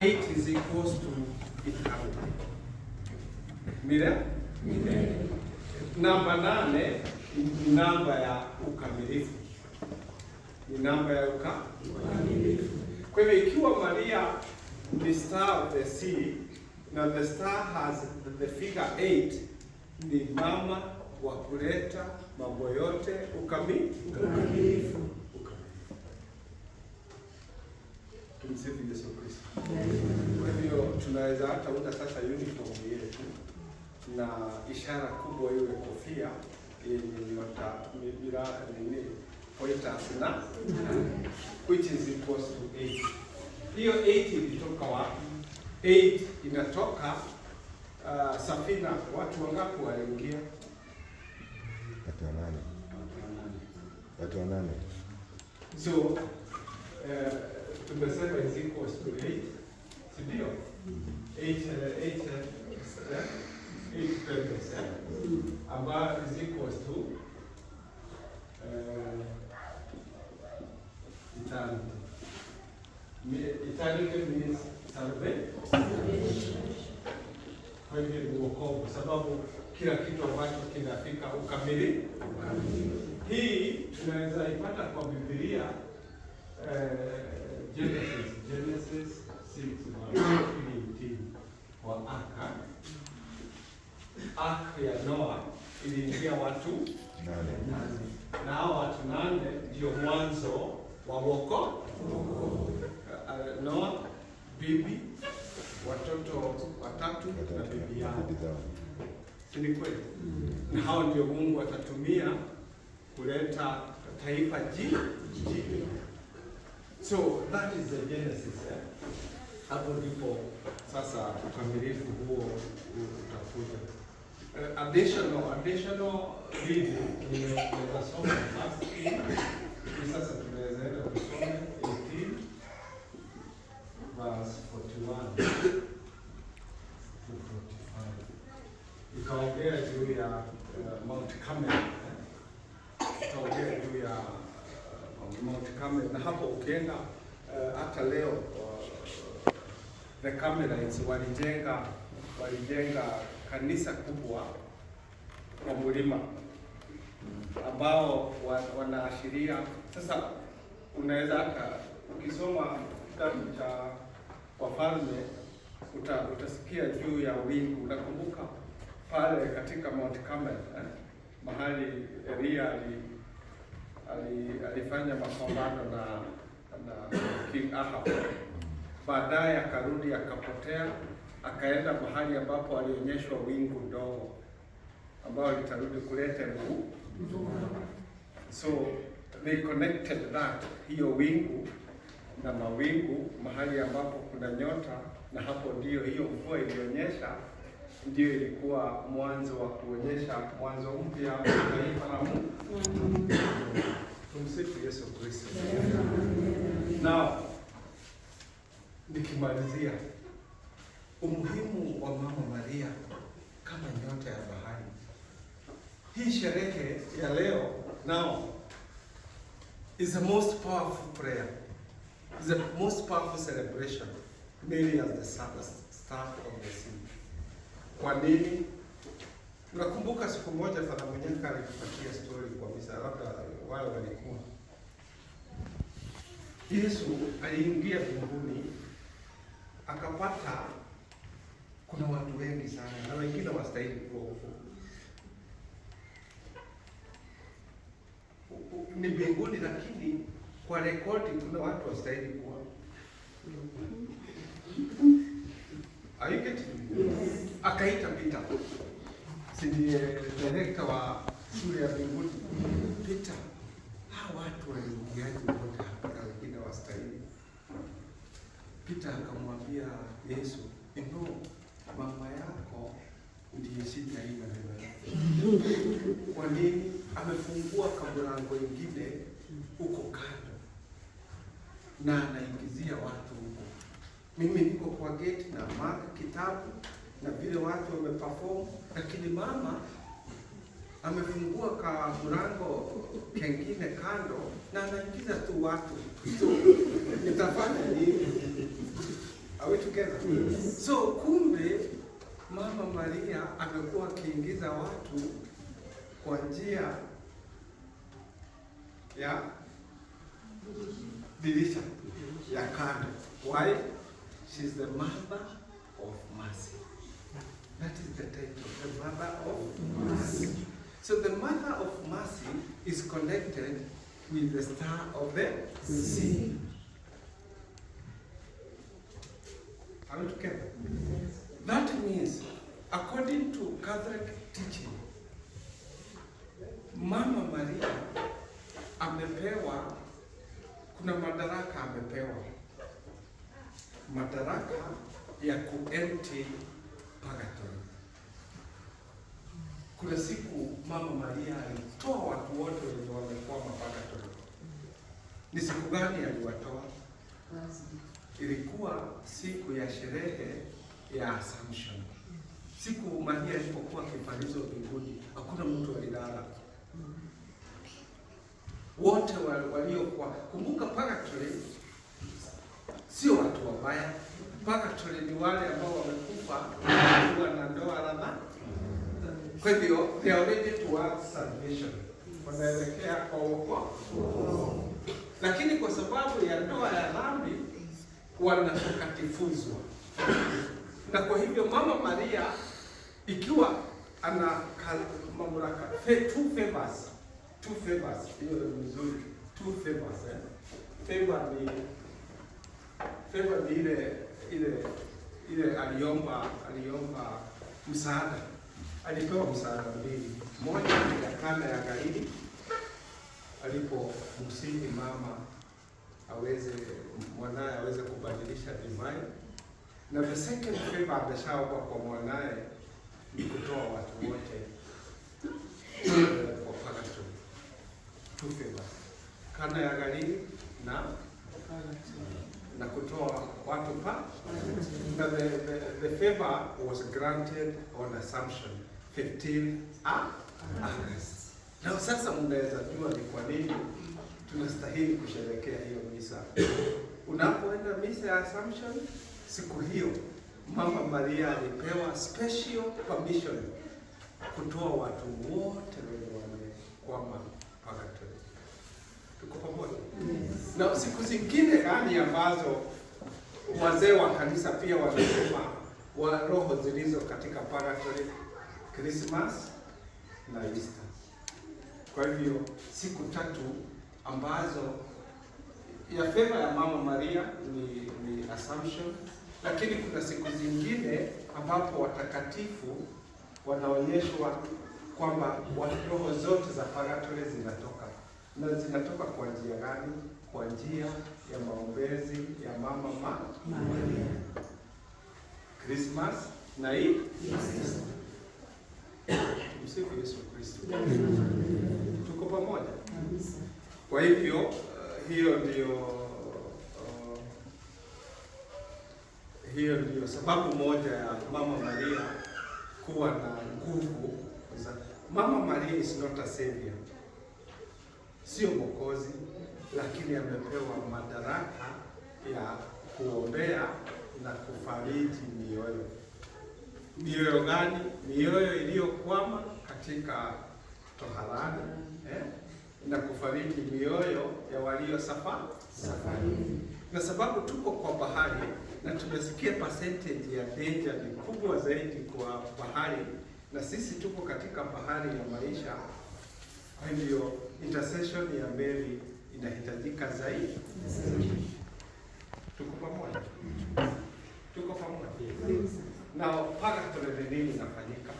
8 is equals to it Namba nane ni namba ya ukamilifu, ni namba ya ukamilifu. Kwa hivyo ikiwa Maria ni star of the sea na the star has the figure 8, ni mama wa kuleta mambo yote ukamilifu. Tumsifu Yesu Kristo. Kwa hivyo tunaweza hata una sasa uniform yetu na ishara kubwa iwe kofia yenye nyota bila nini pointa sana which is equals to 8. Hiyo 8 ilitoka wapi? 8 inatoka uh, safina. Watu wangapi waliingia? Watu wanane. Watu wanane. So eh, tumesema ziko eight, si ndio? Mm-hmm. eight eh, eight eh, eh, eight pembes ambayo is equals to eternity. Eternity means salvation, kwa hivyo ni wokovu, sababu kila kitu ambacho kinafika ukamili, ukamili. Hii tunaweza ipata kwa Biblia Eh, Genesis, Genesis 6 na 18 kwa aka aka ya Noa iliingia watu nane, Na hao watu nane ndio mwanzo wa woko uh, bibi, watoto watatu na bibi yao, si ni kweli? Mm. Na hao ndio Mungu atatumia kuleta taifa jipya So that is the genesis eh? hapo ndipo sasa ukamilifu huo utakuja. Uh, eh, additional additional reading tunasoma first hii sasa, tunaweza enda kusome 18 verse 41 to 45, ikaongea juu ya eh, Mount Carmel, ikaongea juu ya Mount Carmel, na hapo ukienda eh, hata uh, leo uh, the Carmelites walijenga walijenga kanisa kubwa kwa mlima ambao wanaashiria sasa. Unaweza hata ukisoma kitabu cha Wafalme uta, utasikia juu ya wingu. Unakumbuka pale katika Mount Carmel eh, mahali Elia ali alifanya mapambano na na King Ahab, baadaye akarudi akapotea, akaenda mahali ambapo alionyeshwa wingu ndogo ambayo litarudi kuleta mvua. So they connected that hiyo wingu na mawingu mahali ambapo kuna nyota, na hapo ndio hiyo mvua ilionyesha ndio ilikuwa mwanzo wa kuonyesha mwanzo mpya wa taifa la Mungu. Tumsifu Yesu Kristo. Na nikimalizia umuhimu wa Mama Maria kama nyota ya bahari, hii sherehe ya leo now is the most powerful prayer, is the most powerful celebration, Mary as the star of the sea kwa nini? nakumbuka siku moja Padre Mwenyeka alikupatia story kwa misa, labda wale walikuwa Yesu aliingia mbinguni akapata kuna watu wengi sana na wengine wastahili kuokoka. Ni mbinguni, lakini kwa rekodi kuna watu wastahili kuwa. Are you getting akaita Peter, si ndiye eh, direkta wa shule ya mbinguni. Peter, hawa watu waingiaje wote hapa na wengine wastahili? Peter akamwambia Yesu, eno mama yako ndiye shida hii na baba Kwa nini amefungua kamlango ingine huko kando na anaingizia watu huko? Mimi niko kwa gate na mara kitabu na vile watu wameperform, lakini mama amefungua ka mlango kengine kando na anaingiza tu watu so, nitafanya nini? Are we together? Yes. So kumbe Mama Maria amekuwa akiingiza watu kwa njia ya dirisha ya kando. Why? She's the mother of mercy. the title, the Mother of Mercy. So the Mother of Mercy is connected with the Star of the Sea. Are we together? That means, according to Catholic teaching, Mama Maria amepewa, kuna madaraka amepewa, madaraka ya kuenti purgatory Kuna siku Mama Maria alitoa watu wote wenye wamekwama mpaka toro. Ni siku gani aliwatoa? Ilikuwa siku ya sherehe ya Assumption. Siku Maria alipokuwa akipalizwa mbinguni, hakuna mtu alilala, wote waliokuwa kumbuka, purgatory sio watu wabaya. Purgatory ni wale ambao wamekufa wakiwa na ndoa labda kwa hivyo they are towards salvation, wanaelekea kwa wokovu, lakini kwa sababu ya ndoa ya dhambi wanatakatifuzwa. Na kwa hivyo Mama Maria ikiwa ana mamlaka two favors, two favors, hiyo ni two favors eh? Favor ni favor ni ile ile ile aliomba aliomba msaada alipewa msaada mbili, moja ya kanda ya Galili alipomsihi mama aweze mwanaye aweze kubadilisha imani, na the second favor ameshaomba kwa mwanaye ni kutoa watu wote eh, kwa pagato. Two favors, kanda ya Galili na na kutoa watu pa na the, the, the favor was granted on assumption 15 Agosti. Na sasa mnaweza jua ni kwa nini tunastahili kusherehekea hiyo misa. Unapoenda misa ya Assumption siku hiyo, Mama Maria alipewa special permission kutoa watu wote wenye wamekwama pagatoria. Tuko pamoja? Yes. Na siku zingine gani ambazo wazee wa kanisa pia wanasema wa roho zilizo katika pagatoria Christmas na Easter. Kwa hivyo siku tatu ambazo ya feva ya Mama Maria ni, ni Assumption, lakini kuna siku zingine ambapo watakatifu wanaonyeshwa kwamba roho zote za paratore zinatoka na zinatoka kwa njia gani? Kwa njia ya maombezi ya Mama ma Maria. Christmas na hii Tumsifu Yesu Kristo. Tuko pamoja. Kwa hivyo uh, hiyo ndio uh, hiyo ndio sababu moja ya Mama Maria kuwa na nguvu. Mama Maria is not a savior, sio mwokozi, lakini amepewa madaraka ya kuombea na kufariji mioyo mioyo gani? Mioyo iliyokwama katika toharani eh, na kufariki mioyo ya walio safa safari, na sababu tuko kwa bahari na tumesikia percentage ya danger ni kubwa zaidi kwa bahari, na sisi tuko katika bahari ya maisha. Kwa hivyo intercession ya Mary inahitajika zaidi. Tuko pamoja, tuko pamoja na mpaka tuelewe inafanyika.